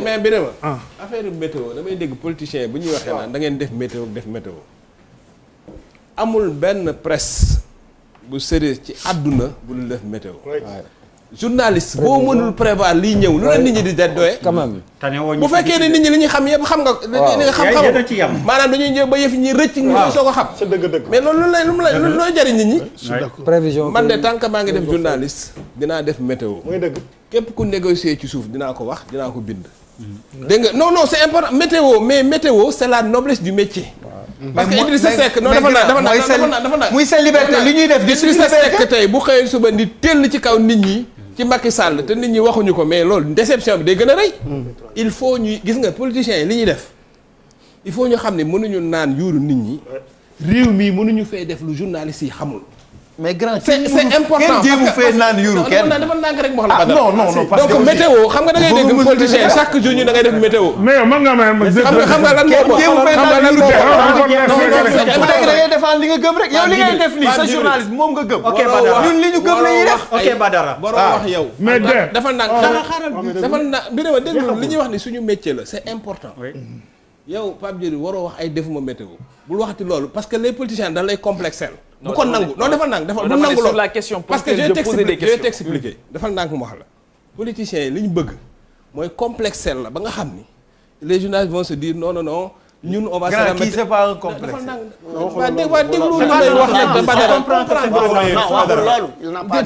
mais Birama ah. affaire météo damay dégg politicien bu ñuy waxee naan da ngeen def météo def météo amul benn presse bu sérieux ci àdduna bu dul def météo journaliste boo mënul prévoir liy ñëw lu la nit ñi di doye. bu fekkee ne nit ñi li ñu xam yëpp xam nga. li nga xam xamoo ci yam. maanaam dañuy ñëw ba yëf ñi rëcc ñu soo ko xam. sa dëgg-dëgg mais man de tant que maa ngi def journaliste. dinaa def météo. képp ku négocier ci suuf dinaa ko wax dinaa ko bind. Mm-hmm. dégg nga non non c'est important météo mais météo c'est la noblesse du métier. parce que Idrissa Seck non dafa naa dafa naa dafa naa dafa naa muy seen li ñuy def Idrissa Seck tey bu xëyee suba ni tell ci kaw nit ñi ci Macky Sall te nit ñi waxuñu ko mais loolu déception bi day gën a rëy. il faut ñuy gis nga politiciens yi li ñuy def il faut ñu xam ne mënuñu naan yuuru nit ñi réew mii mënuñu fee def lu journaliste yi xamul. c'est important kenn jéem a fee naan yuuru kenn non dafa naan rek wax la. non non non parce que donc météo xam nga da ngay dégg politicien chaque jour ñu da ngay def météo. mais yow mën nga ma xam nga lan moo xam nga défendre li nga gëm rek yow li ngay def nii sa journaliste moom nga gëm. ok Badara ñu gëm la ñuy def. ok Badara ah. waroo wax yow. mais de ah. ah, dafa naan dara li ñuy wax ni suñu métier la c'est important. yow Pape Diouf waroo wax ay defuma météo bul waxati loolu parce que les politiciens dañ lay complexel bu ko nangu non dafa nangu dafa bu nangu loolu la question parce que je t'explique je t'explique dafa nangu mu wax la politiciens yi li ñu bëgg mooy complexel la ba nga xam ni les journalistes vont se dire non non ñun on va se remettre kii c'est pas un te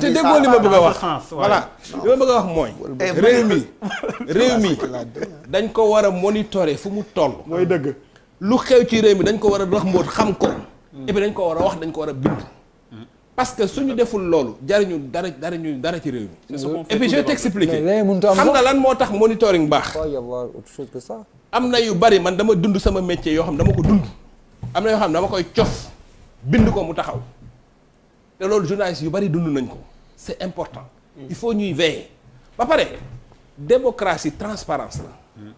déggoo li ma bëgg a wax. voilà li ma bëgg a wax mooy. réew mi dañ ko war a monitorer fu mu toll. mooy dëgg. lu xew ci réew mi dañ ko war a dox mbóot xam ko. et dañ ko war a wax dañ ko war a bind. parce que suñu deful loolu jariñu dara darañu dara ci réew et puis je vais t'expliquer xam nga lan moo tax monitoring baax am na yu bari man dama dund sama métier yo xam dama ko dund am na yoo xam dama koy cof bind ko mu taxaw te loolu journaliste yu bari dund nañ ko c'est important mm. il faut ñuy veiller ba pare démocratie transparence la mm.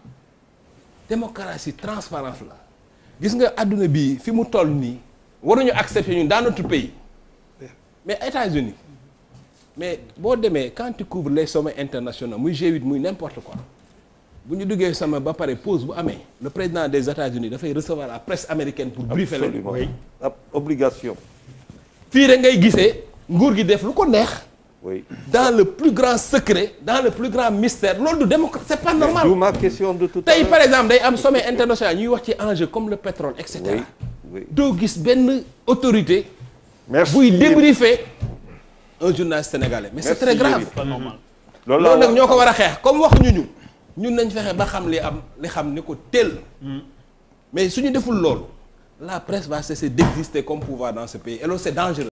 démocratie transparence la gis nga àdduna bii fi mu toll nii waruñu accepter ñun dans notre pays mais États-Unis mais bon, mais quand tu couvres les sommets internationaux moi G8 n'importe quoi Vous sama ba pause le président des États-Unis il recevoir la presse américaine pour briefer le La obligation ngay def dans le plus grand secret dans le plus grand mystère L'ordre démocratique, c'est pas normal ma question de tout par exemple day am sommet international ñuy wax ci enjeu comme le pétrole etc. cetera doo gis une autorité vous y débriefer un journaliste sénégalais. mais c'est très grave. C'est pas normal. comme nous nous ñun nañ nous ba xam li am li xam ni ko hmm. mais la presse va cesser d'exister comme pouvoir dans ce pays et c'est dangereux.